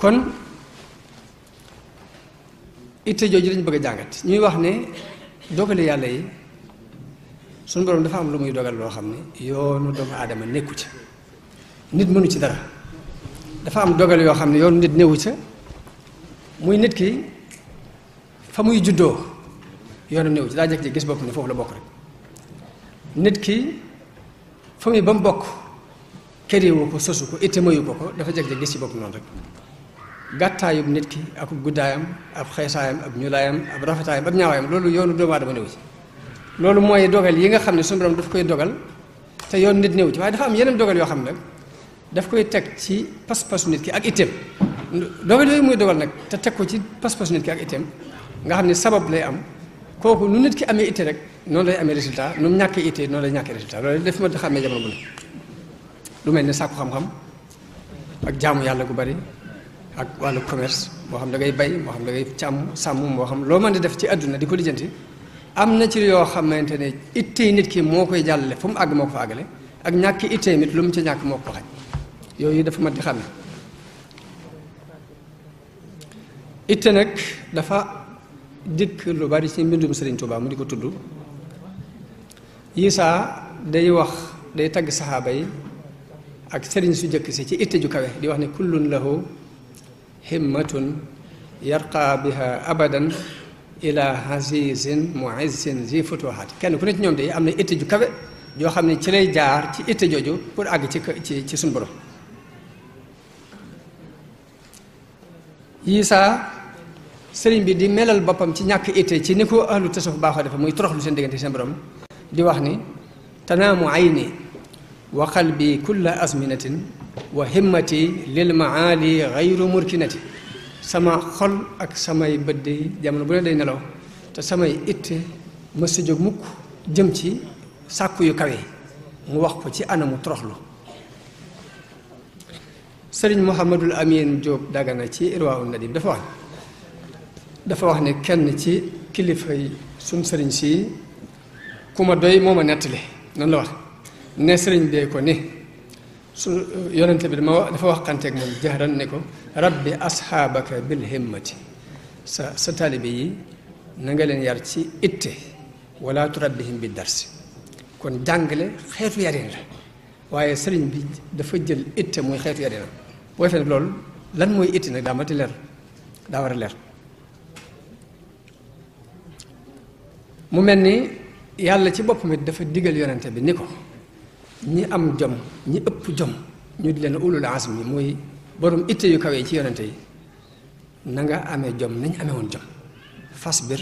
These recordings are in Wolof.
kon itte jooju lañ bëgg a jàngat ñuy wax ne dogale yàlla yi suñu borom dafa am lu muy dogal loo xam ne yoonu doomu aadama nekku ca nit mënu ci dara dafa am dogal yoo xam ne yoonu nit newu ca muy nit ki fa muy juddoo yoonu newu ci daa jekk ji gis bopp ne foofu la bokk rek nit ki fa muy ba mu bokk këriwu ko sosu ko itte mayu ko ko dafa jekk ji gis ci bopp noonu rek gàttaayub nit ki ak guddaayam ab xeesaayam ab ñuulaayam ab rafetaayam ab ñaawaayam loolu yoonu doomu aadama néew ci loolu mooy dogal yi nga xam ne suñu borom daf koy dogal te yoon nit néew ci waaye dafa am yeneen dogal yoo xam ne daf koy teg ci pas-pasu nit ki ak itteem dogal yooyu muy dogal nag te teg ko ci pas-pasu nit ki ak itteem nga xam ne sabab lay am kooku nu nit ki amee itte rek noonu lay amee résultat nu mu ñàkkee itte noonu lay ñàkkee résultat loolu def ma xamee jamono bu ne lu mel ne sàkku xam-xam ak jaamu yàlla gu bari ak wàllu commerce moo xam da ngay bay moo xam da ngay càmm sàmm moo xam loo man di def ci àdduna di ko lijjanti am na ci yoo xamante ne ittey nit ki moo koy jàllale fu mu àgg moo ko fa àggale ak ñàkk ittey nit lu mu ci ñàkk moo ko xaj yooyu dafa mat di xam ne itte nag dafa dikk lu bari ci mbindum Sëriñ Tuubaa mu di ko tudd Isaa day wax day tagg saxaaba yi ak sëriñ su njëkk si ci itte ju kawe di wax ne kullun lahu همة يرقى بها أبدا إلى عزيز معز ذي فتوحات كان ku nekk ñoom day am na itte ju kawe joo xam ne ci lay jaar ci itte jooju pour àgg ci ci ci suñu borom yiisaa sëriñ bi di melal boppam ci ñàkk itte ci ni ko ahlu tasawuf baaxoo defe muy toroxlu seen diggante seen borom di wax ni tanaamu ayni wa qalbi kulla azminatin wa himmati lil maali xayru murkinati sama xol ak samay bët de jamono bu ne day nelaw te samay it mës sa jóg mukk jëm ci sàkku yu kawe mu wax ko ci anamu troxlu sëriñ Mouhamadul Amin Diop Dagana ci Irwaawu Nadim dafa wax dafa wax ne kenn ci kilifa yi sëriñ si ku ma doy moo ma noonu la wax ne sëriñ bee ko ni su eh, yonente bi dama wax dafa waxanteeg moom jahran ne ko rabbi asxaabaka bil himmati sa sa taalibe yi na nga leen yar ci itte wala turabbihim bi darsi kon jàngle xeetu yarin la waaye sëriñ bi dafa jël itte muy xeetu yarin la booy fekk loolu lan mooy itte nag daa mati leer daa war a leer mu mel ni yàlla ci boppam it dafa digal yonente bi ni ko ñi am jom ñi ëpp jom ñu di leen ulul azm yi muy borom itte yu kaw ci yonente yi na nga amee jom nañ amee woon jom fasbir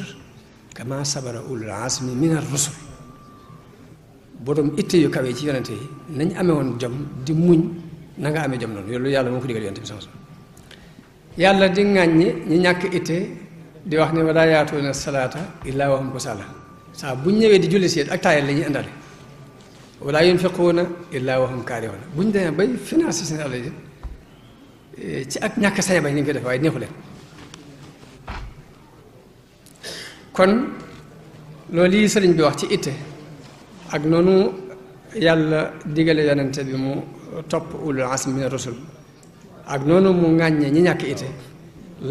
kama sabara ulul azmi min ar-rusul borom yu kawe ci yonente yi nañ amee woon jom di muñ na nga amee jom noonu loolu yàlla moo ko digal yonente bi sama yàlla di ŋàññi ñi ñàkk itte di wax ne wala yaatuuna salaata illaa wa hum kusaala saa bu ñëwee di julli si ak taayal la ñuy indaale wala yunfiquuna illaa wa hum kaarihuun bu ñu demee bay financé si alal yi ci ak ñàkk say ba ñu ngi koy def waaye neexu leen kon loolu yi sëriñ bi wax ci ite ak noonu yàlla digale yonente bi mu topp ulul azmi mina rusul ak noonu mu ŋàññee ñi ñàkk itte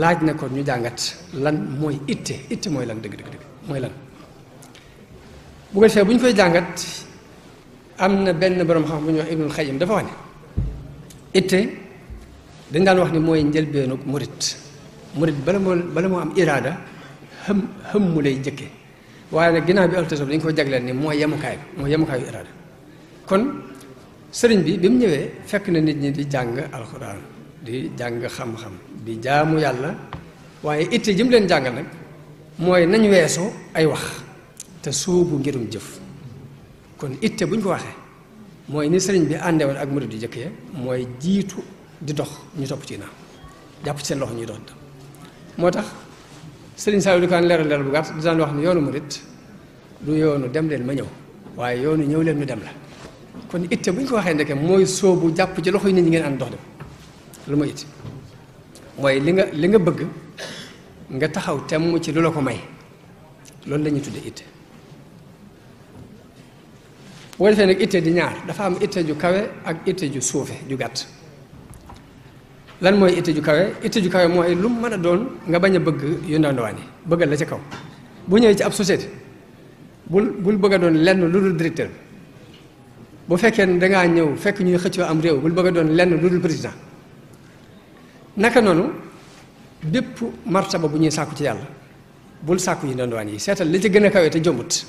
laaj na kon ñu jàngat lan mooy itte itte mooy lan dëgg dëgg mooy lan bu ko bu ñu koy jàngat am na benn borom xam bu ñuy wax Ibnul Xayyim dafa wax ne itte dañ daan wax ni mooy njëlbeenu morit murit bala moo bala moo am iraada xëm xëm mu lay jëkke waaye nag ginnaaw bi altasab dañ ko jagleel ni mooy yemukaay bi mooy yemukaayu iraada kon sëriñ bi bi mu ñëwee fekk na nit ñi di jàng alxuraan di jàng xam-xam bi jaamu yàlla waaye itte jëm leen jàngal nag mooy nañ weesoo ay wax te suubu ngirum jëf kon itte bu ñu ko waxee mooy ni sëriñ bi àndewoon ak murid yu jëkk ya mooy jiitu di dox ñu topp ci ginnaaw jàpp seen loxo ñuy dox moo tax sëriñ Saliou di ko daan leeral leeral bu gàtt di daan wax ni yoonu murid du yoonu dem leen ma ñëw waaye yoonu ñëw leen ñu dem la kon itte bu ñu ko waxee ndeke mooy sóobu jàpp ci loxo yi nit ñi ngeen ànd dox dem lu ma itte mooy li nga li nga bëgg nga taxaw temm ci lu la ko may loolu lañuy tudd it boo defee ne itte di ñaar dafa am itte ju kawe ak itte ju suufe ju gàtt lan mooy itte ju kawe itte ju kawe mooy lu mën a doon nga bañ a bëgg yu ndaw yi bëggal la ca kaw bu ñëwee ci ab société bul bul bëgg a doon lenn lu dul directeur bu fekkee ne dangaa ñëw fekk ñuy xëccoo am réew bul bëgg a doon lenn lu dul président naka noonu bépp martaba bu ñuy sàkku ci yàlla bul sàkku yu ndaw ndawaan yi seetal li ci gën a kawe te jombut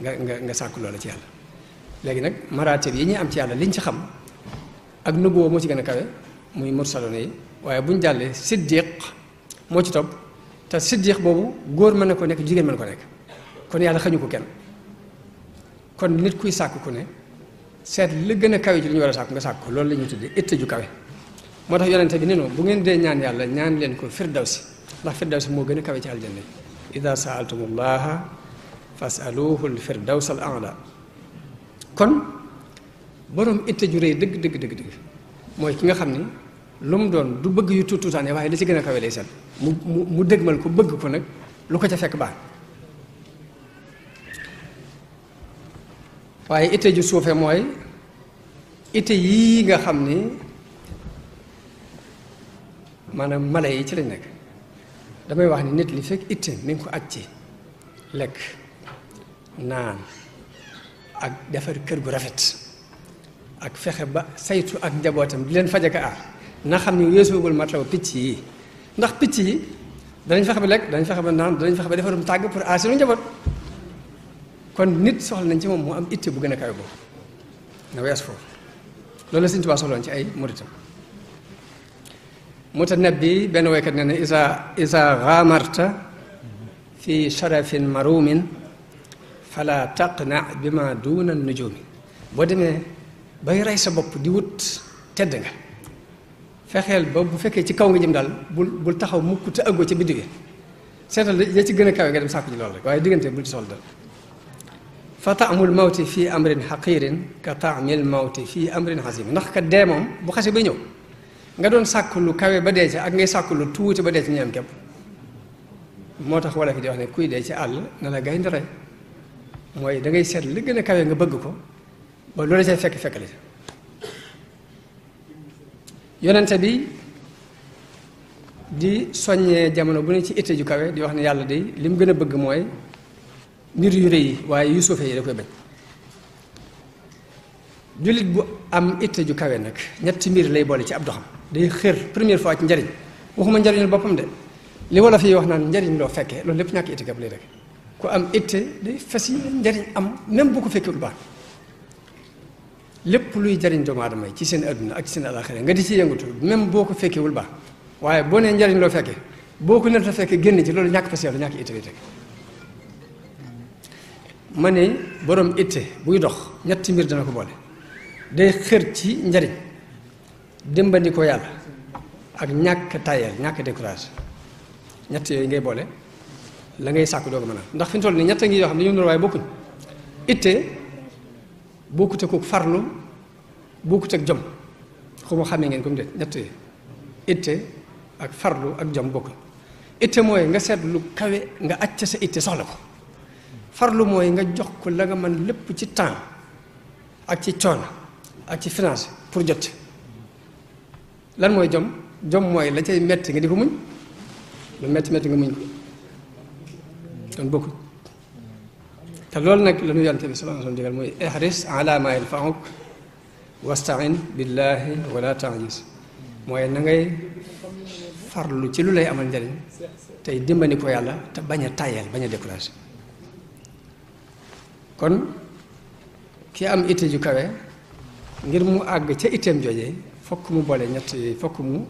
nga nga nga sàkku loola ci yàlla légui nak maratib yi ñi am ci yàlla liñ ci xam ak nubuwa mo ci gëna kawe muy mursalona waye waaye buñ jàllee siddiq mo ci top ta siddiq bobu góor mën ko nek jigen mën ko nek kon yàlla xañu ko kenn kon nit kuy sakku ku ne set li gëna kawe ci liñu wara sakku nga sakku loolu lañu tuddé tuddee ju kawe motax tax yonente bi nino bu ngeen dé ñaan yàlla ñaan leen ko firdaws ndax firdaws mo gëna kawe ci aljanna yi ida saaltumullaha fasaluhu l firdawsa al aala kon borom itte ju rëy dëgg dëgg dëgg dëgg mooy ki nga xam ni lu mu doon du bëgg yu tuut tuutaane waaye li ci gën a kawe lay seen mu mu mu mal ko bëgg ko nag lu ko ca fekk baax waaye itte ju suufe mooy itte yii nga xam ni maanaam mala yi ci lañ nekk damay wax ni nit li fekk itte mi ngi ko aj ci lekk naan ak defar kër gu rafet ak fexe ba saytu ak njabootam di leen faj ak aar na xam ne weesoogul matlaw picc yi ndax picc yi danañ fexe ba lekk danañ fexe ba naan danañ fexe ba defarum tàgg pour aar seen njaboot kon nit soxla nañ ci moom moo am itte bu gën a kawe na wees foofu loolu la Sëñ Tuubaa soxloon ci ay muritam mutanabbi benn woykat ne ne isa isa xaamarta fi sharafin marumin فلا تقنع بما دون النجوم nujumi boo demee bay rey sa bopp di wut tedd nga فكي تي bu fekkee دال بول بول تاخاو موكو تا اغو تي mukk سيتال ëggoo تي غنا seetal ya ساكو gën a واي ديغنتي بول sàkku ji loolu rek waaye diggante bul ci sol dal fa taamul mawti fi amrin xaqirin ka taamil mawti fi amrin nga don sakku kawe ba dee ci ak ngay sakku lu tuuti ba dee ci ñu am wala fi di wax ne kuy de ci àll na la gaynde rey mooy da ngay seet li gën a kawe nga bëgg ko ba loolu say fekk fekk la yonente bi di soññee jamono bu ne ci itte ju kawe di wax ne yàlla day li mu gën a bëgg mooy mbir yu rëy yi waaye yu suufe yi da koy bañ jullit bu am itte ju kawe nag ñetti mbir lay boole ci ab doxam day xër première fois ci njariñ waxuma njariñul boppam de li wolof yi wax naan njariñ loo fekkee loolu lépp ñàkk itte gab lay rek ku am itte day fas yi njariñ am même boo ko fekkee lu baax lépp luy jariñ doomu aadama ci seen adduna ak ci seen alaxira nga di ci yëngatu même boo ko fekkewul baax waaye boo ne njariñ loo fekkee boo ko ne la fekkee génn ci loolu ñàkk fas yàlla ñàkk itte lay ma ne boroom été buy dox ñetti mbir dana ko boole day xër ci njariñ dimbali ko yàlla ak ñàkk tayel ñàkk décourage ñett yooyu ngay boole la ngay sàkk doo ko ndax fi mu toll ñett ngi yoo xam ne dañoo waaye bokkuñ itte bokkut farlu bokkut ak jom xaw ma ngeen comme de ñett yi ak farlu ak jom bokkuñ itte nga seet lu kawe nga acc sa itte soxla ko farlu mooy nga jox ko la nga mën lépp ci temps ak ci coono ak ci pour jot lan mooy jom jom mooy la cay metti nga di ko muñ lu metti metti nga muñ kon bokku te loolu nag la ñu yonent bi sallallahu alayhi wa sallam digal mooy ihris ala ma yanfauk wastain billahi wala taajis mooy na farlu ci lu lay amal njariñ tey dimbali ko yàlla te bañ a tàyyeel bañ a découragé kon ki am itte ju kawe ngir mu àgg ca itteem jooje fokk mu boole ñett fokk mu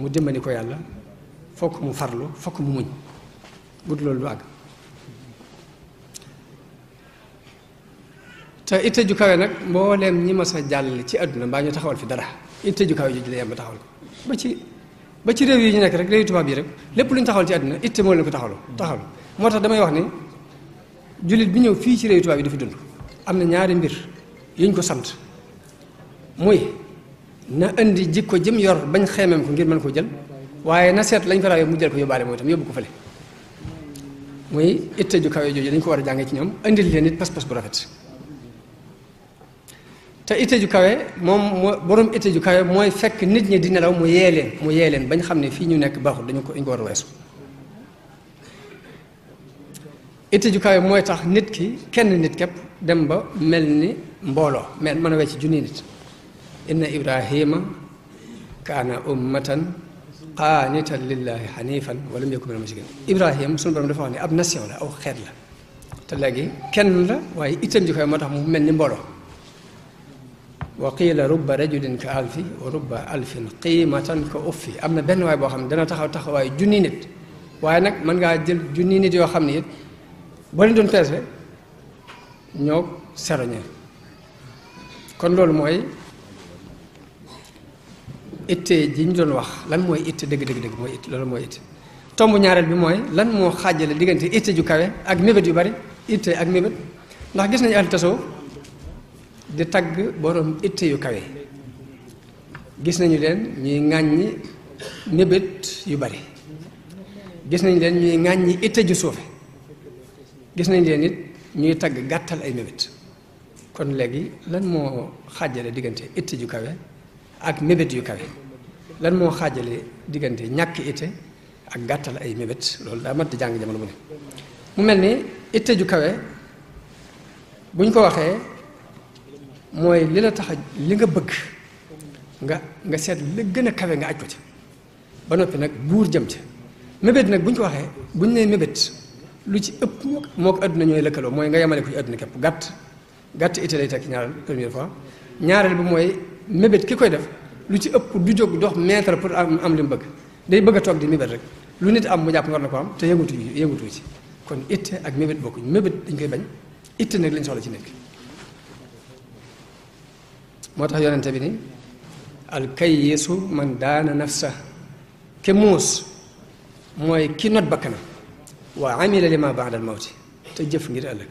mu dimbali ko yàlla fokk mu farlu fokk mu muñ but loolu du àgg te itte ju kawe nag mbooleem ñi masa jàll ci àdduna mbaa ñu taxawal fi dara itte ju kawe ju la yem taxawal ko ba ci ba ci réew yi ñu nekk rek réew tubaab yi rek lépp lu ñu taxawal ci àdduna itte moo leen ko taxawal taxawal moo tax damay wax ni jullit bi ñëw fii ci réew tubaab yi dafa dund am na ñaari mbir yuñ ko sant muy na indi jikko jëm yor bañ xeemeem ko ngir mën ko jël waaye na seet lañ ko raawee mu jël ko yóbbaale moo itam ko fële muy itte ju kawe jooju dañ ko war a jàngee ci ñoom indil leen it pas-pas bu rafet te itte ju kawe moom moo borom itte ju kawe mooy fekk nit ñi di nelaw mu yee leen mu yee leen bañ xam ne fii ñu nekk baaxul dañu ko dañu ko war a weesu itte ju kawe mooy tax nit ki kenn nit képp dem ba mel ni mbooloo mel mën a wecc junni nit inna ibrahima kaana ummatan قانتا لله حنيفا ولم يكن من المشركين إبراهيم سن borom dafa wax ne ab nation la aw xeet la te léegi kenn la waaye itam ji koy moo tax mu mel ni mbooloo wa qiila rubba rajulin ka alfi wa rubba alfin qiimatan ka uffi am na benn waay boo xam ne dana taxaw taxawaay junni nit waaye nag mën ngaa jël junni nit yoo xam ne it boo leen doon peese ñoo seroñe kon loolu mooy itte ji ñu doon wax lan mooy itte dëgg dëgg dëgg mooy itte loolu mooy itte tomb ñaareel bi mooy lan moo xaajale diggante itte ju kawe ak mébét yu bari itte ak mébét ndax gis nañu ahlu tasawuf di tagg boroom itte yu kawe gis nañu leen ñuy ŋàññi mébét yu bari gis nañu leen ñuy ŋàññi itte ju suufe gis nañu leen it ñuy tagg gàttal ay mébét kon léegi lan moo xajale diggante itte ju kawe ak mébét yu kawe lan moo xaajale diggante ñàkk itte ak gàttal ay mébét loolu daa mat jàng jamono bu ne mu mel ni itte ju kawe buñ ko waxee mooy li la tax a li nga bëgg nga nga seet li gën a kawe nga aj ko ci ba noppi nag buur jëm ci mébét nag buñ ko waxee buñ nee mébét lu ci ëpp moo ko àdduna ñooy lëkkaloo mooy nga yemale ko ci àdduna képp gàtt gàtt itte lay tekki ñaareel première fois ñaareel bi mooy mébét ki koy def lu ci ëpp du jóg dox mètre pour am am li mu bëgg day bëgg a toog di mébét rek lu nit am mu jàpp war na ko am te yëngatu yëngatu ci kon itte ak mébét bokkuñ mébét dañ koy bañ itte nag lañ soxla ci nekk moo tax yonente bi ni alkayisu man daana nafsa ke muus mooy ki not bakkana wa amila lima baada al mawti te jëf ngir ëllëg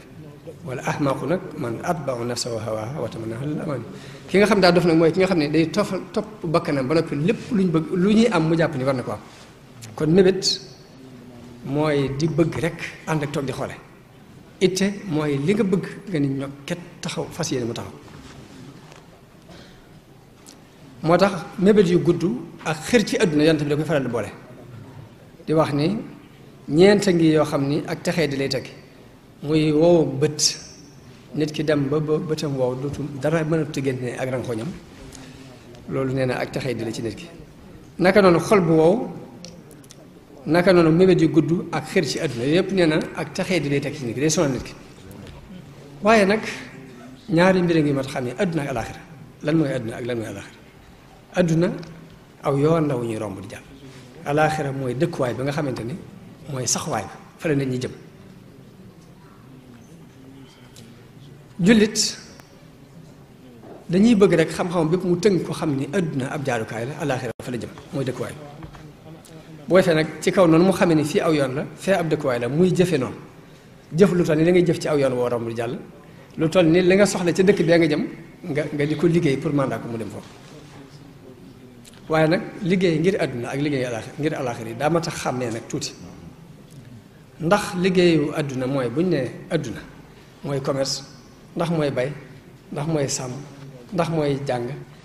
wala ahmaqu nag man atbau nafsa wa hawaha wa tamannaha lil amani ki nga xam daa dof nag mooy ki nga xam ne day tofal topp bakkanam ba noppi lépp lu ñu bëgg lu ñuy am mu jàpp ni war na ko am kon mébét mooy di bëgg rek ànd ak toog di xoole itte mooy li nga bëgg nga ni ñokket taxaw fas yéene mu taxaw moo tax mébét yu gudd ak xër ci àdduna yant bi da koy faral di boole di wax ni ñeenta ngi yoo xam ni ak texee di lay teg muy woowu bët nit ki dem ba ba bëtam wow dootul dara mën a tëggante ne ak rankoñam loolu nee na ak taxay di ci nit ki naka noonu xol bu wow naka noonu mébét yu gudd ak xër ci àdduna yépp nee na ak taxay dile lay teg ci nit ki day sonal nit ki waaye nag ñaari mbir ngi mat xam ne àdduna ak alaaxira lan mooy àdduna ak lan mooy alaaxira àdduna aw yoon la ñuy romb di jàll alaaxira mooy dëkkuwaay bi nga xamante ni mooy saxwaay ba fa la nit ñi jëm jullit dañuy bëgg rek xam-xamam bépp mu tënk ko xam ni adduna ab jaarukaay la alaxira fa la jëm mooy dëkkuwaay bu defee nag ci kaw noonu mu xamee ni fii aw yoon la fee ab dëkkuwaay la muy jëfe noonu jëf lu toll ni li ngay jëf ci aw yoon woo romb jàll lu toll ni li nga soxla ca dëkk bee nga jëm nga nga di ko liggéey pour mandat ko mu dem foofu waaye nag liggéey ngir adduna ak liggéey alaxira ngir alaxira yi daa ma tax xàmmee nag tuuti ndax liggéeyu adduna mooy buñ ne adduna mooy commerce ndax mooy bay ndax mooy sàmm ndax mooy jàng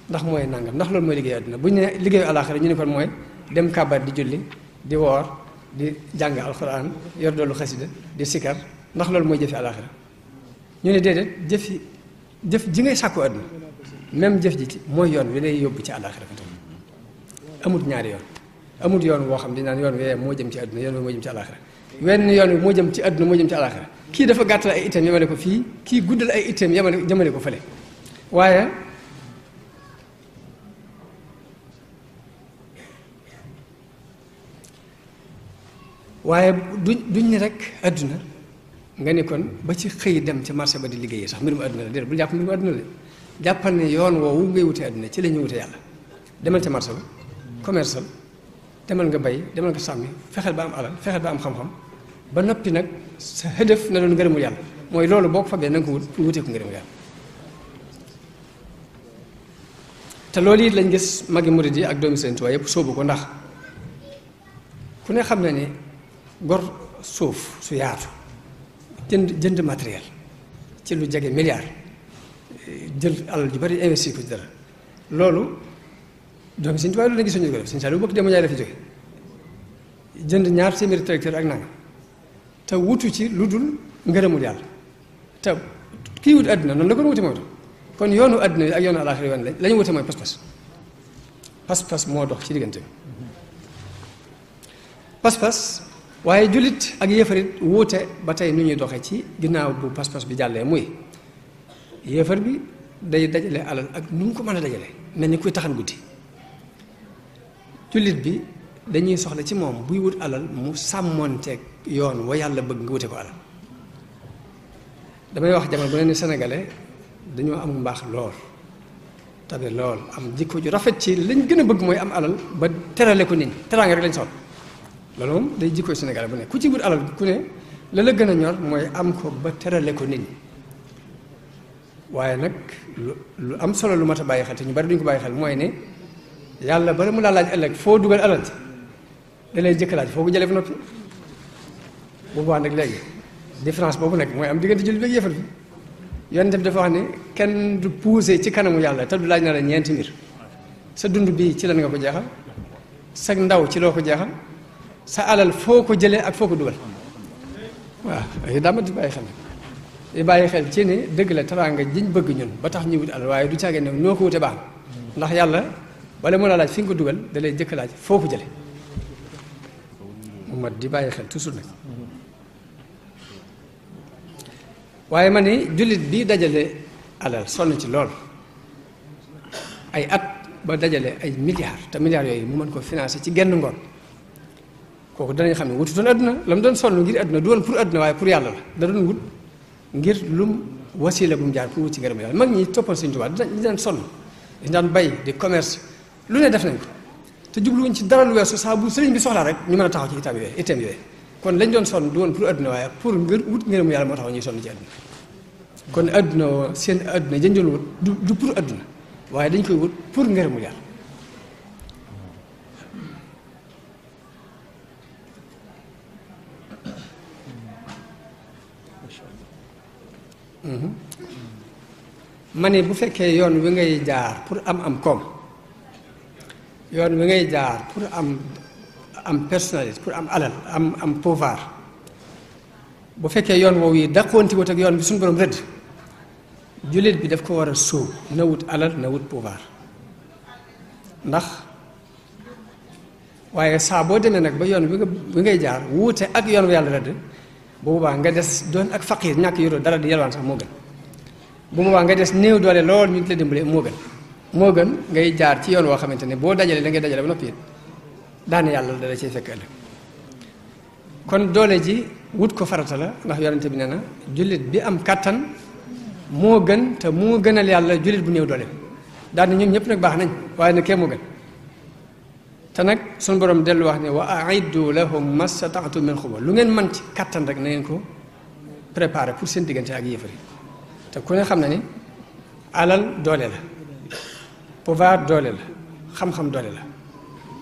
ndax mooy nangam ndax loolu mooy liggéey àdduna bu ñu ne liggéeyu àllaaxira ñu ne kon mooy dem kàbbar di julli di woor di jàng alxuraan yor doolu xasida di sikar ndax loolu mooy jëfi àllaaxira ñu ne déedéet jëfi jëf ji ngay sàkku àdduna même jëf ji ci mooy yoon wi lay yóbbu ci àllaaxira amut ñaari yoon amut yoon woo xam di naan yoon wee moo jëm ci àdduna yoon wee moo jëm ci àllaaxira wenn yoon wi moo jëm ci àdduna moo jëm ci àllaaxira kii dafa gàttal ay itteem yemale ko fii kii guddal ay itteem yemale jëmale ko fële waaye waaye du duñ ni rek àdduna nga ni kon ba ci xëy dem ca marché ba di liggéeyee sax mbirum àdduna la déedéet bul jàpp mbirum àdduna la jàppal ne yoon woowu ngay wute àdduna ci la ñuy wute yàlla demal ca marché ba commercial demal nga bay demal nga sàmmi fexeel ba am alal fexeel ba am xam-xam ba noppi nag sa hëdëf na doon ngërëmul yàlla mooy loolu boo ko fabee na ko wut pour wutee ko ngërëmul yàlla te loolu it lañ gis magi murid yi ak doomi Sëriñ Tuubaa yëpp soobu ko ndax ku ne xam na ni gor suuf su yaatu jënd jënd matériel ci lu jege milliard jël alal ju bari investi ko ci dara loolu doomi Sëriñ Tuubaa loolu la gisuñu ko def Sëriñ Saliou bu bëgg demu ñaay dafa jóge jënd ñaar téeméeri tracteur ak nangam te wutu ci lu dul ngërëmul yàlla te kii wut àddina noonu la ko wuti mooy kon yoonu àddina yi ak yoonu àlaxira yoon la ñu wuti mooy pas-pas pas-pas moo dox ci diggante bi pas waaye jullit ak yéefarit wuute ba tey nu ñuy doxee ci ginnaaw bu pas bi jàllee muy yéefar bi day dajale alal ak nu mu ko mën a dajale mel ni kuy taxan guddi jullit bi dañuy soxla ci moom buy wut alal mu sàmmoonteeg yoon wa yàlla bëgg nga wute ko alal damay wax jamono bu ne ni sénégalais dañoo am mbaax lool tabe lool am jikko ju rafet ci lañ gën a bëgg mooy am alal ba terale ko nit ñi teraanga rek lañ soxla loolu moom day jikko sénégalais bu ne ku ci wut alal ku ne la la gën a ñor mooy am ko ba terale ko nit ñi waaye nag lu lu am solo lu mat a bàyyi xel te ñu bari duñ ko bàyyi xel mooy ne yàlla la mu laa laaj ëllëg foo dugal alal da lay jëkk laaj foo ko jëlee ba noppi bu baax nag léegi différence boobu nag mooy am diggante jullit bi ak yëfal bi yonent bi dafa wax ne kenn du poussé ci kanamu yàlla te du laaj na la ñeenti mbir sa dund bii ci lan nga ko jeexal sa ndaw ci loo ko jeexal sa alal foo ko jëlee ak foo ko dugal waaw ay dama di bàyyi xel di bàyyi xel ci ne dëgg la nga jiñ bëgg ñun ba tax ñu wut alal waaye du caage ne noo ko wute baax ndax yàlla wala mën a laaj fi nga ko dugal da lay jëkk laaj foo jëlee mu mat di bàyyi xel toujours nag waaye ma ni jullit bi dajale alal sonn ci lool ay at ba dajale ay milliards te milliards yooyu mu mën ko financé ci genn ngoon kooku danañ xam ne wututoon àdduna la mu doon sonn ngir àdduna du woon pour àdduna waaye pour yàlla la da doon wut ngir lum wasiila bu mu jaar pour wut ci ngërëm yàlla mag ñi toppoon Sëñ Tuubaa dañ daan sonn dañ daan bay di commerce lu ne def nañ te jubluwuñ ci dara lu weesu saa bu sëriñ bi soxla rek ñu mën a taxaw ci itam yooyu itam yooyu kon lañ doon sonn du woon pour adduna waaye pour ngir wut ngërëmu yàlla moo tax ñuy sonn ci adduna kon adduna seen adduna jën doon wut du pour adduna waaye dañ koy wut pour ngërëmu yàlla mm-hmm. ma ne bu fekkee yoon wi ngay jaar pour am am koom yoon wi ngay jaar pour am am personnalité pour am alal am am pouvoir bu fekkee yoon woow yi dàqoonti wut ak yoon bi suñu borom rëdd jullit bi daf ko war a sóob na wut alal na wut pouvoir ndax waaye saa boo demee nag ba yoon bi ngay jaar wuute ak yoon wi yàlla rëdd bu boobaa nga des doon ak faqiir ñàkk yoroo dara di yalwaan sax moo gën bu boobaa nga des néew doole lool ñu di la dimbale moo gën moo gën ngay jaar ci yoon woo xamante ne boo dajalee da ngay dajale ba noppi it daane yàlla dala cay fekk ëllëg kon doole ji wut ko farata la ndax yonente bi nee na jullit bi am kàttan moo gën te moo gënal yàlla jullit bu néew doole daal ne ñoom ñëpp nag baax nañ waaye nag kee moo gën te nag suñu borom dellu wax ne wa aiddu lahum mastata'tum min quwwa lu ngeen mën ci kàttan rek na ngeen ko préparé pour seen diggante ak yéefari te ku ne xam na ni alal doole la pouvoir doole la xam-xam doole la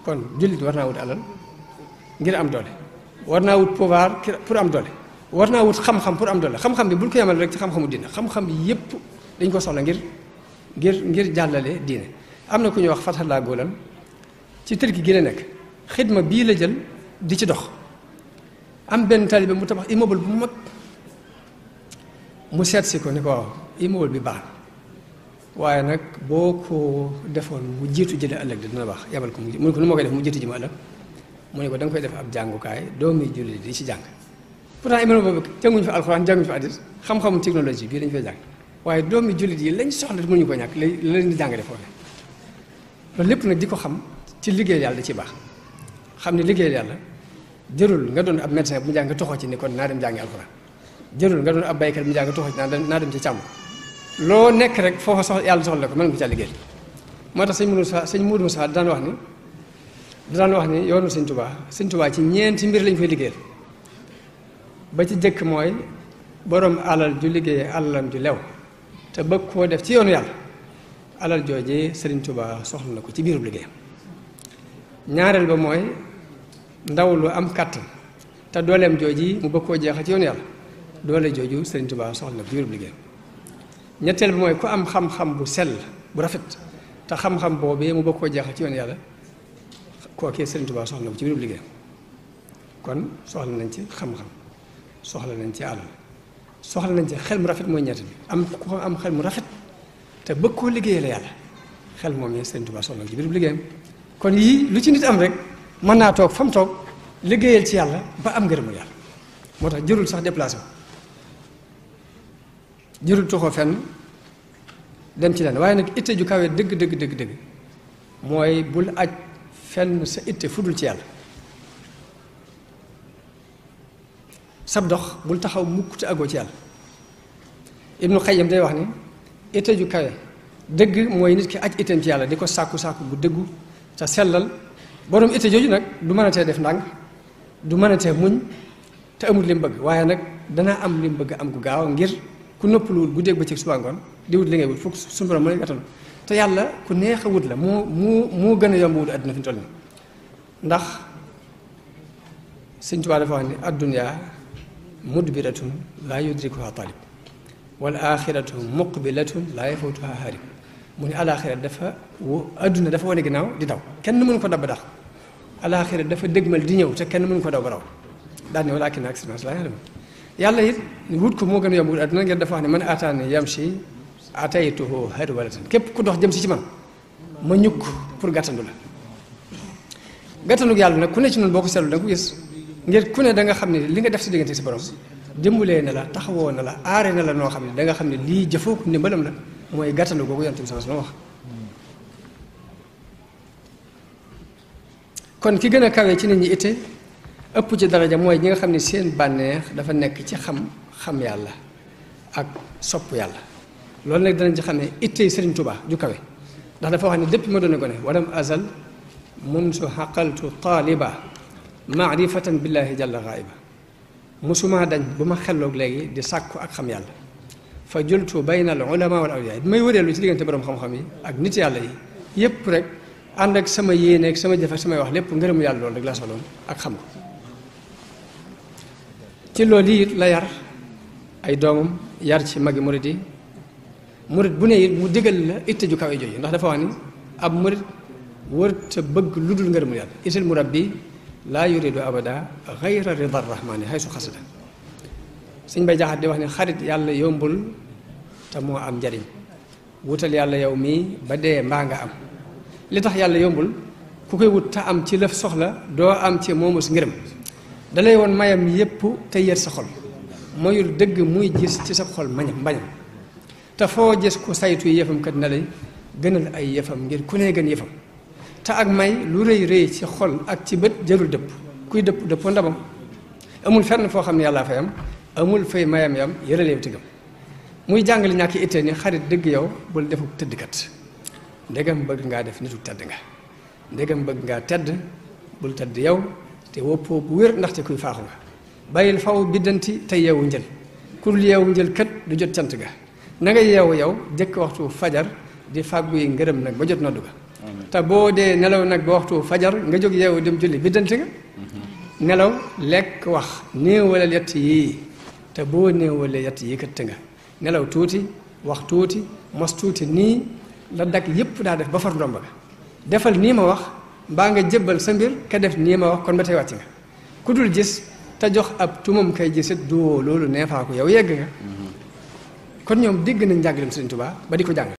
kon jullit war naa wut alal ngir am doole war naa wut pouvoir pour am doole war naa wut xam-xam pour am doole xam-xam bi bul ko yamal rek ci xam-xamu diine xam-xam yépp dañ ko soxla ngir ngir ngir jàllale diine am na ku ñu wax Fathallah Golal ci Turki gi la nekk xidma bii la jël di ci dox am benn talibe mu tabax immeuble bu mag mu seet si ko ni ko immeuble bi baax waaye nag boo ko defoon mu jiitu ji la ëllëg dina baax yabal ko mu mu ne ko nu ma koy jiitu ji ma ëllëg mu ne ko danga koy def ab jàngukaay doomi jullit di ci jàng pourtant imam boobu jànguñu fa alxuraan jànguñu fa addis xam-xamu technologie bii dañu fay jàng waaye doomi jullit yi lañ soxla mënuñu ko ñàkk la leen di jàngale foofu loolu lépp nag di ko xam ci liggéey yàlla di ci baax xam ne liggéey yàlla jërul nga doon ab médecin bu mu jàng toxoo ci ni kon naa dem jàngi alxuraan jërul nga doon ab baykat bu mu jàng toxoo ci naa dem ci càmm loo nekk rek foofa sox yàlla soxla ko mën nga ko caa liggéey moo tax sëñ Mourou Moussa sëñ Mourou saa daan wax ni daan wax ni yoonu sëñ Touba sëñ Touba ci ñeenti mbir lañ koy liggéeyal ba ci jëkk mooy borom alal ju liggéey alalam ju lew te bëgg koo def ci yoonu alal jooje sëriñ Touba soxla na ko ci biirub liggéeyam ñaareel ba mooy ndaw lu am kàttan te dooleem jooji mu bëgg koo jeexal ci yoonu yàlla doole jooju sëriñ Touba soxla na ko ci biirub liggéeyam ñetteel bi mooy ku am xam-xam bu sell bu rafet te xam-xam boobee mu bëgg koo jeexal ci yoon yàlla kookee Sëriñ Tuubaa soxla ci biir liggéeyam kon soxla nañ ci xam-xam soxla nañ ci alal soxla nañ ci xel mu rafet mooy ñett am ku am xel mu rafet te bëgg koo liggéeyee la yàlla xel moom yee Sëriñ Tuubaa soxla na ko ci biir liggéeyam kon yii lu ci nit am rek mën naa toog fa mu liggéeyal ci yàlla ba am ngërëmu yàlla moo jërul sax déplacé jërul tuxoo fenn dem ci leen waaye nag itte ju kawe dëgg dëgg dëgg dëgg mooy bul aj fenn sa itte fudul ci yàlla sab dox bul taxaw mukk te agoo ci yàlla ibnu xayyam day wax ni itte ju kawe dëgg mooy nit ki aj itteem ci yàlla di ko sàkku sàkku bu dëggu te sellal borom itte jooju nag du mën a tee def ndànk du mën a tee muñ te amul li bëgg waaye nag danaa am li bëgg am gu gaaw ngir كنا بلول بديك بتشك سبعة غن دي ود لينج فوكس سنبرا مالي كاتن تي يلا كنا خود لا مو مو مو غن يوم بود أدنى فين تولني نخ سنجوا على فهني الدنيا مدبرة لا يدركها طالب والآخرة مقبلة لا يفوتها هارب من الآخرة دفع وأدنى دفع وانا جناو دي داو كان من كنا بدأ الآخرة دفع دقم الدنيا وتكن من كنا براو داني ولكن أكسر ناس لا يعلمون يالله نقول كم وكان يوم أتنا عند فهني من أتانا يمشي أتايته هر ولا تن كيف كده حجم سيجما منيك فر قتن دولا قتن دولا يالله كونه شنو بوك سالو نقول يس نير كونه دعنا خمني لينك دفسي دعنا تسبرم جمولي نلا تخوه نلا آري نلا نوا خمني دعنا خمني لي جفوك نبلم لا ما يقتن دولا يالله تمسك سنوا كون كي جنا كاوي تشيني نيته ëpp ci daraja mooy ñi nga xam ne seen bànneex dafa nekk ci xam xam yàlla ak sopp yàlla loolu nag danañ ci xam ne ittey Sëriñ Tuubaa ju kawe ndax dafa wax ne depuis ma doon gone ne azal munsu xaqaltu taaliba maarifatan billahi jalla xaaiba musuma dañ bu ma xelloog léegi di sàkku ak xam yàlla fa jultu bayna al ulama wal awliya may wëreelu ci diggante borom xam-xam yi ak nit yàlla yi yépp rek ànd ak sama yéene ak sama jëf ak sama wax lépp ngërëmu yàlla loolu rek laa soxloon ak xam ko ci loolu yi la yar ay doomam yar ci magi murid yi murid bu ne it mu digal la itte ju kawe jooju ndax dafa wax ni ab murid wërta bëgg lu dul ngërëmu yàlla isil murabbi laa yuridu abada xayra rida rahmani xaysu xasada suñ bay jaxat di wax ne xarit yàlla yombul te moo am njariñ wutal yàlla yow mii ba dee mbaa nga am li tax yàlla yombul ku koy wut te am ci lëf soxla doo am ci moomus ngërëm dalay won mayam yépp te yër sa xol moyul dëgg muy gis ci sa xol mañ mbañam te foo gis ku saytu yëfam kat na lay gënal ay yëfam ngir ku ne gën yëfam te ak may lu rëy rëy ci xol ak ci bët jarul dëpp kuy dëpp dëppoo ndabam amul fenn foo xam ne fa yam amul fay mayam yam yëraleew tigam muy jàngale ñàkk ittee ni xarit dëgg yow bul defuk kat ndegam bëgg ngaa def nitu tedd nga ndegam bëgg ngaa tedd bul tedd yow te woppoo bu wér ndaxte kuy faaxu nga bàyyil faw biddanti te yeewu njël ku yeewu njël kat du jot cant ga na nga yeewu yow jëkk waxtu fajar di fàggu yi ngërëm nag ba jot noddu ga te boo dee nelaw nag ba waxtu fajar nga jóg yeewu dem julli biddanti nga mhm. nelaw lekk wax néewalal yett yii te boo néewalee yett yii kat nga nelaw tuuti wax tuuti mos tuuti nii la dag yépp daa def ba far ndomb ga defal nii ma wax mbaa nga jëbbal sa mbir ka def nii ma wax kon ba tey wàcc nga ku dul gis te jox ab tumam kay gisit duwoo loolu neefaaku yow yegg nga mhm. kon ñoom dégg nañ njàngaleem Sëriñ Tuubaa ba di ko jàng